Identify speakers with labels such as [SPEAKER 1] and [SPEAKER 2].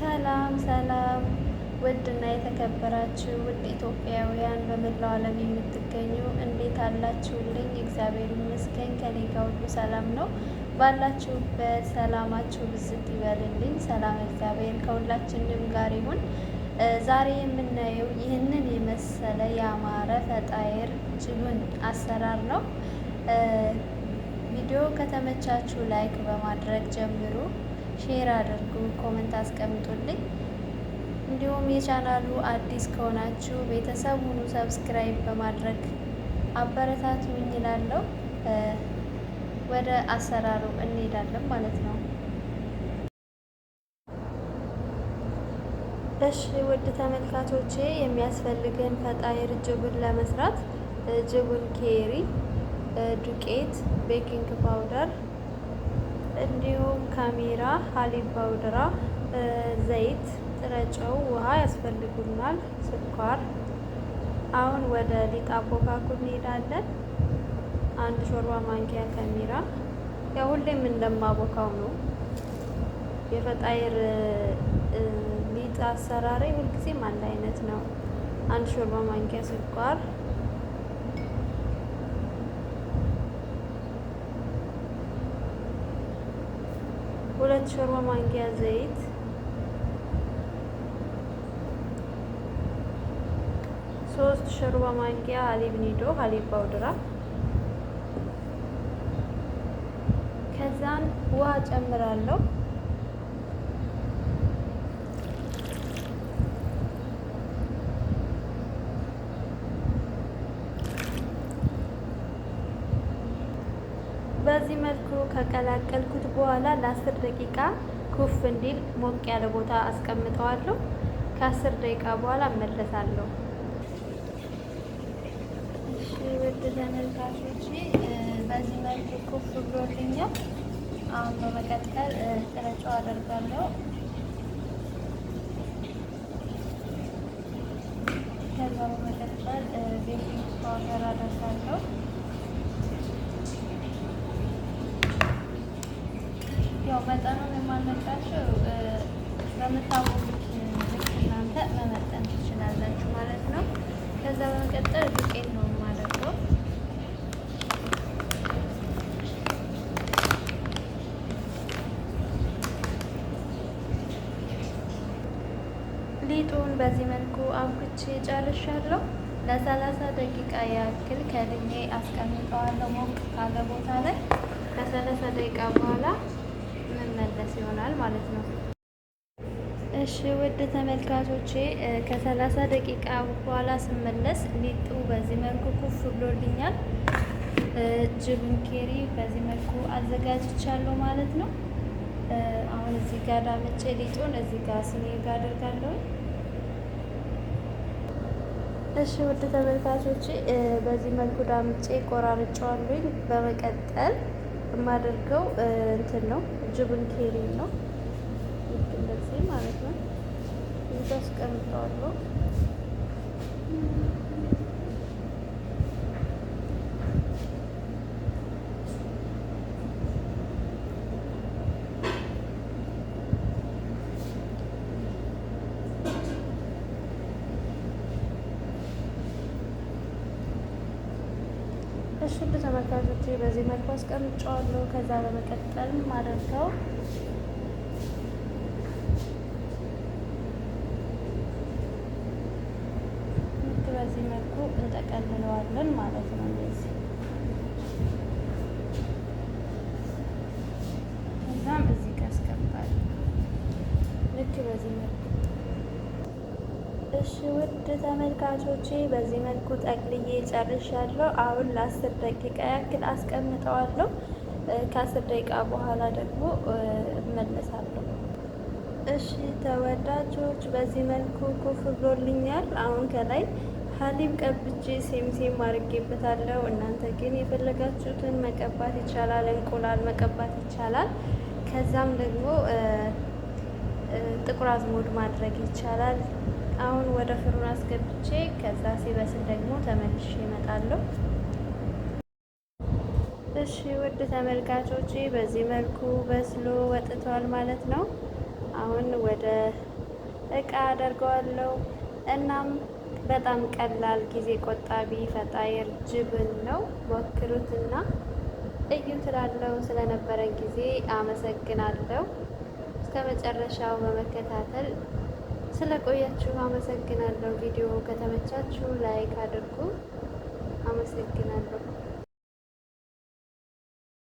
[SPEAKER 1] ሰላም ሰላም ውድና የተከበራችሁ ውድ ኢትዮጵያውያን በመላው ዓለም የምትገኙ እንዴት አላችሁልኝ? እግዚአብሔር ይመስገን ከኔ ጋር ሁሉ ሰላም ነው። ባላችሁበት ሰላማችሁ ብዝት ይበልልኝ። ሰላም እግዚአብሔር ከሁላችንም ጋር ይሁን። ዛሬ የምናየው ይህንን የመሰለ ያማረ ፈጣይር ጅሉን አሰራር ነው። ቪዲዮ ከተመቻችሁ ላይክ በማድረግ ጀምሩ። ሼር አድርጉ፣ ኮመንት አስቀምጡልኝ። እንዲሁም የቻናሉ አዲስ ከሆናችሁ ቤተሰብ ሁኑ፣ ሰብስክራይብ በማድረግ አበረታቱ እላለሁ። ወደ አሰራሩ እንሄዳለን ማለት ነው። እሺ ውድ ተመልካቾቼ የሚያስፈልገን ፈጣይር ጅቡን ለመስራት ጅቡን ኬሪ፣ ዱቄት፣ ቤኪንግ ፓውደር እንዲሁም ካሜራ፣ ሀሊብ ባውድራ፣ ዘይት፣ ጥረጨው ውሃ ያስፈልጉናል። ስኳር። አሁን ወደ ሊጣ ቦካኩ እንሄዳለን። አንድ ሾርባ ማንኪያ ካሜራ። ያው ሁሌም እንደማቦካው ነው የፈጣይር ሊጥ አሰራሬ ሁልጊዜም አንድ አይነት ነው። አንድ ሾርባ ማንኪያ ስኳር ሁለት ሾርባ ማንኪያ ዘይት ሶስት ሾርባ ማንኪያ ሀሊብ ኒዶ ሀሊብ ፓውደራ ከዛን ውሃ ጨምራለሁ። በዚህ መልኩ ከቀላቀልኩት በኋላ ለአስር ደቂቃ ኩፍ እንዲል ሞቅ ያለ ቦታ አስቀምጠዋለሁ። ከአስር ደቂቃ በኋላ እመለሳለሁ። እሺ ውድ ተመልካቾች በዚህ መልኩ ኩፍ ብሎልኛል። አሁን በመቀጠል ጥረጫው አደርጋለሁ። ከዛ በመቀጠል ቤኪንግ ፓውደር አደርጋለሁ። ያው መጠኑን የማነግራቸው በምታወቁት ልክ እናንተ መመጠን ትችላላችሁ ማለት ነው። ከዛ በመቀጠል ዱቄት ነው የማደርገው። ሊጡን በዚህ መልኩ አብኩቼ ጨርሻለሁ። ለሰላሳ ደቂቃ ያክል ከድኜ አስቀምጠዋለሁ ሞቅ ካለ ቦታ ላይ ከሰላሳ ደቂቃ በኋላ መመለስ ይሆናል ማለት ነው። እሺ ውድ ተመልካቾቼ ከሰላሳ ደቂቃ በኋላ ስመለስ ሊጡ በዚህ መልኩ ኩፍ ብሎልኛል። ጅቡን ኬሪ በዚህ መልኩ አዘጋጅቻለሁ ማለት ነው። አሁን እዚህ ጋር ዳምጬ ሊጡን እዚህ ጋር ስኒ ጋር እሺ ውድ ተመልካቾቼ በዚህ መልኩ ዳምጬ ቆራርጫዋለሁኝ። በመቀጠል የማደርገው እንትን ነው፣ ጅብን ኬሪ ነው። እንደዚህ ማለት ነው። እዛ አስቀምጠዋለሁ። እሺ ተመልካቾች በዚህ መልኩ አስቀምጫዋለሁ። ከዛ በመቀጠል ማደርገው በዚህ መልኩ እንጠቀልለዋለን ማለት ነው እንደዚህ እሺ ውድ ተመልካቾቼ በዚህ መልኩ ጠቅልዬ ጨርሻለሁ። አሁን ለአስር ደቂቃ ያክል አስቀምጠዋለሁ። ከአስር ደቂቃ በኋላ ደግሞ እመለሳለሁ። እሺ ተወዳጆች በዚህ መልኩ ኩፍ ብሎልኛል። አሁን ከላይ ሀሊብ ቀብቼ ሴምሴም አድርጌበታለሁ። እናንተ ግን የፈለጋችሁትን መቀባት ይቻላል፣ እንቁላል መቀባት ይቻላል። ከዛም ደግሞ ጥቁር አዝሙድ ማድረግ ይቻላል። አሁን ወደ ፍሩን አስገብቼ ከዛ ሲበስል ደግሞ ተመልሼ እመጣለሁ። እሺ ውድ ተመልካቾች በዚህ መልኩ በስሎ ወጥቷል ማለት ነው። አሁን ወደ እቃ አደርገዋለሁ። እናም በጣም ቀላል ጊዜ ቆጣቢ ፈጣየር ጅብን ነው። ሞክሩትና እዩ ትላለው። ስለነበረን ጊዜ አመሰግናለሁ። እስከ መጨረሻው በመከታተል ስለቆያችሁ አመሰግናለሁ። ቪዲዮ ከተመቻችሁ ላይክ አድርጉ። አመሰግናለሁ።